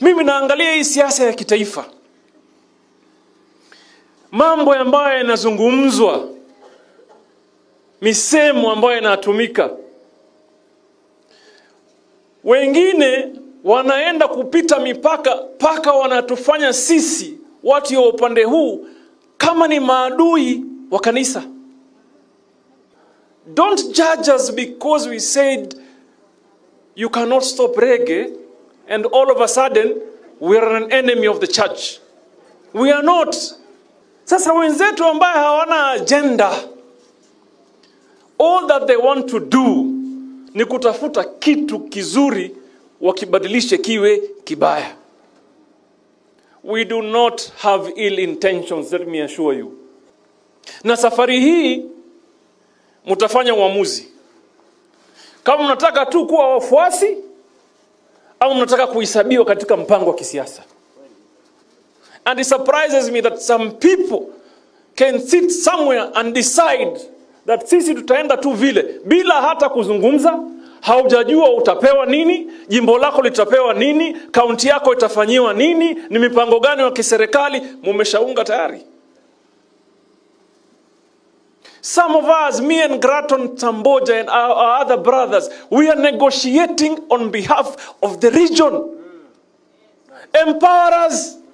Mimi naangalia hii siasa ya kitaifa, mambo ambayo yanazungumzwa, misemo ambayo inatumika. Wengine wanaenda kupita mipaka mpaka wanatufanya sisi watu wa upande huu kama ni maadui wa kanisa. Don't judge us because we said you cannot stop reggae and all of a sudden we are an enemy of the church. We are not. Sasa wenzetu ambaye hawana agenda, all that they want to do ni kutafuta kitu kizuri wakibadilishe kiwe kibaya. We do not have ill intentions, let me assure you. Na safari hii mtafanya uamuzi, kama mnataka tu kuwa wafuasi au mnataka kuhesabiwa katika mpango wa kisiasa. And it surprises me that some people can sit somewhere and decide that sisi tutaenda tu vile bila hata kuzungumza. Haujajua utapewa nini, jimbo lako litapewa nini, kaunti yako itafanyiwa nini, ni mipango gani wa kiserikali mumeshaunga tayari. Some of us, me and Gratton Tamboja and our, our, other brothers, we are negotiating on behalf of the region. Empower us.